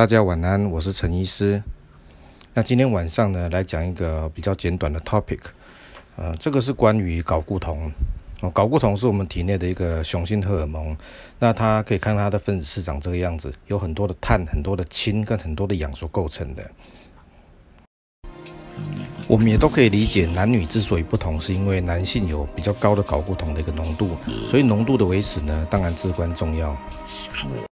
大家晚安，我是陳醫師。那今天晚上呢，來講一個比較簡短的 topic。呃，這個是關於睾固酮。哦，睾固酮是我們體內的一個雄性荷爾蒙。那它可以看它的分子是長這個樣子，有很多的碳，很多的氫跟很多的氧所構成的。嗯，我們也都可以理解，男女之所以不同，是因為男性有比較高的睾固酮的一個濃度，所以濃度的維持呢，當然至關重要。嗯嗯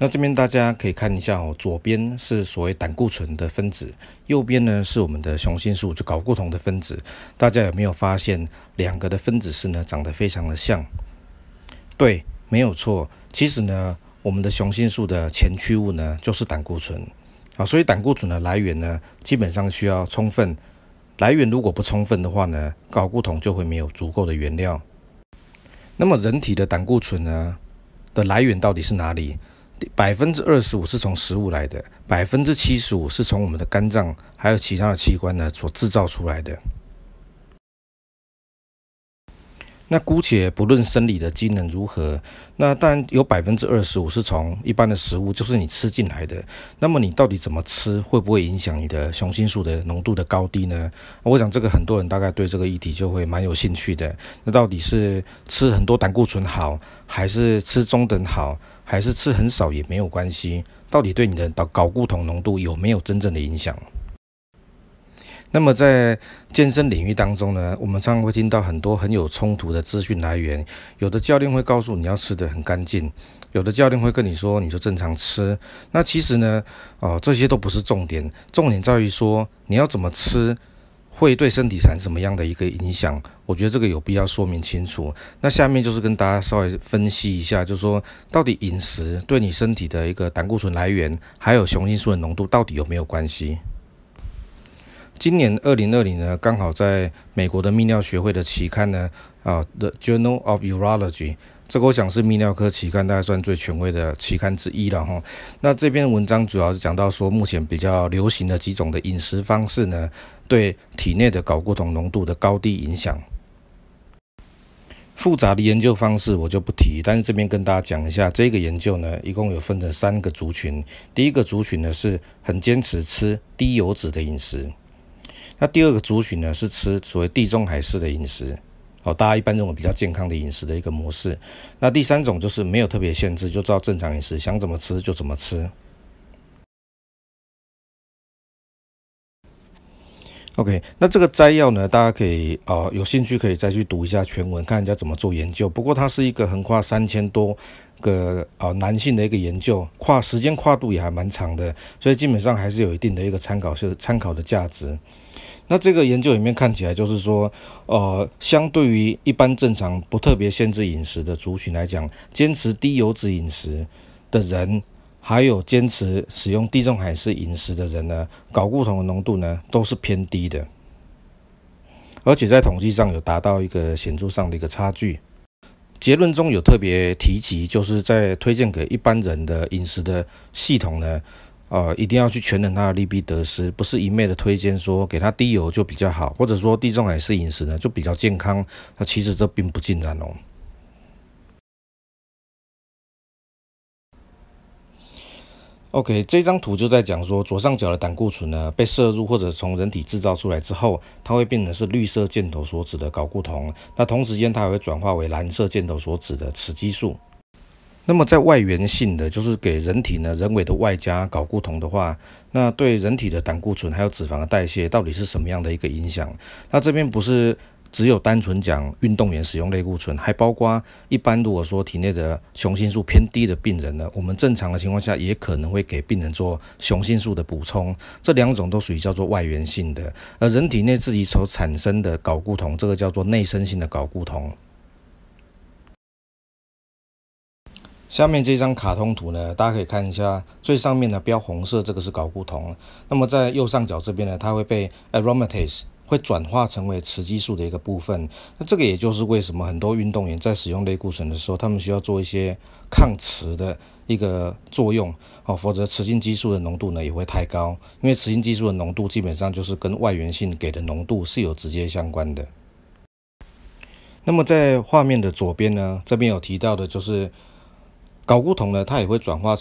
那這邊大家可以看一下哦，左邊是所謂膽固醇的分子，右邊呢是我們的雄性素，就睾固酮的分子。大家有沒有發現兩個的分子式呢，長得非常的像？對，沒有錯。其實呢，我們的雄性素的前驅物呢就是膽固醇啊，所以膽固醇的來源呢，基本上需要充分。來源如果不充分的話呢，睾固酮就會沒有足夠的原料。那麼人體的膽固醇呢的來源到底是哪裡？百分之二十五是從食物來的，百分之七十五是從我們的肝臟還有其他的器官呢，所製造出來的。那姑且不論生理的機能如何，那當然有百分之二十五是從一般的食物，就是你吃進來的。那麼你到底怎麼吃，會不會影響你的雄性素的濃度的高低呢？我想這個很多人大概對這個議題就會蠻有興趣的。那到底是吃很多膽固醇好，還是吃中等好，還是吃很少也沒有關係？到底對你的睾睾固酮濃度有沒有真正的影響？那麼在健身領域當中呢，我們常常會聽到很多很有衝突的資訊來源。有的教練會告訴你要吃得很乾淨，有的教練會跟你說你就正常吃。那其實呢，哦，這些都不是重點，重點在於說你要怎麼吃，會對身體產生什麼樣的一個影響。我覺得這個有必要說明清楚。那下面就是跟大家稍微分析一下，就是說到底飲食對你身體的一個膽固醇來源，還有雄性素的濃度到底有沒有關係？今年二零二零呢，剛好在美國的泌尿學會的期刊呢，啊，《The Journal of Urology》，這個我想是泌尿科期刊，大概算最權威的期刊之一了哈。那這篇文章主要是講到說，目前比較流行的幾種的飲食方式呢，對體內的睾固酮濃度的高低影響。複雜的研究方式我就不提，但是這邊跟大家講一下，這個研究呢，一共有分成三個族群。第一個族群呢，是很堅持吃低油脂的飲食。那第二個族群呢，是吃所謂地中海式的飲食，哦，大家一般認為比較健康的飲食的一個模式。那第三種就是沒有特別限制，就照正常飲食，想怎麼吃就怎麼吃。OK，那這個摘要呢，大家可以啊、呃、有興趣可以再去讀一下全文，看一下怎麼做研究。不過它是一個橫跨三千多個啊、呃、男性的一個研究，跨時間跨度也還蠻長的，所以基本上還是有一定的一個參考是參考的價值。那這個研究裡面看起來就是說，呃，相對於一般正常不特別限制飲食的族群來講，堅持低油脂飲食的人，還有堅持使用地中海式飲食的人呢，睪固酮的濃度呢都是偏低的，而且在統計上有達到一個顯著上的一個差距。結論中有特別提及，就是在推薦給一般人的飲食的系統呢，呃，一定要去權衡它的利弊得失，不是一昧的推薦說，給他低油就比較好，或者說地中海式飲食呢就比較健康，那其實這並不盡然哦、喔。OK，這張圖就在講說，左上角的膽固醇呢，被攝入或者從人體製造出來之後，它會變成是綠色箭頭所指的睾固酮。那同時間，它也會轉化為藍色箭頭所指的雌激素。那麼在外源性的，就是給人體呢，人為的外加睾固酮的話，那對人體的膽固醇還有脂肪的代謝到底是什麼樣的一個影響？那這邊不是。只有單純講運動員使用類固醇，還包括一般如果說體內的雄性素偏低的病人呢，我們正常的情況下也可能會給病人做雄性素的補充，這兩種都屬於叫做外源性的，而人體內自己所產生的睾固酮，這個叫做內生性的睾固酮。下面這張卡通圖呢，大家可以看一下，最上面呢標紅色這個是睾固酮，那麼在右上角這邊呢，它會被 aromatase。會轉化成為雌激素的一個部分，那這個也就是為什麼很多運動員在使用類固醇的時候，他們需要做一些抗雌的一個作用哦，否則雌性激素的濃度呢也會太高，因為雌性激素的濃度基本上就是跟外源性給的濃度是有直接相關的。那麼在畫面的左邊呢，這邊有提到的就是睾固酮呢，它也會轉化成。